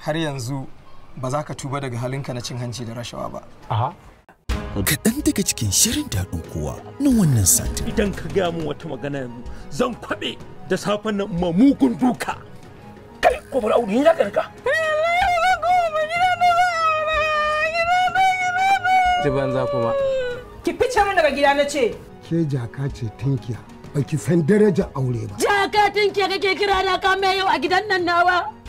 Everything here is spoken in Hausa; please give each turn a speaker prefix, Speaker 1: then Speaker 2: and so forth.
Speaker 1: har yanzu ba za ka tuba daga halinka na cin hanci da rashawa ba.
Speaker 2: Kaɗan daga cikin shirin daɗin kowa na wannan satin. Idan ka gaya min wata magana yanzu zan kwaɓe da safen nan ma mugun duka. Kai ko bar auni ya ka.
Speaker 3: Ki banza kuma.
Speaker 4: Ki fice min daga gida na ce.
Speaker 5: Ke jaka ce tinkiya. Baki san daraja aure ba.
Speaker 6: Jaka tinkiya kake kira da ka yau a gidan nan nawa.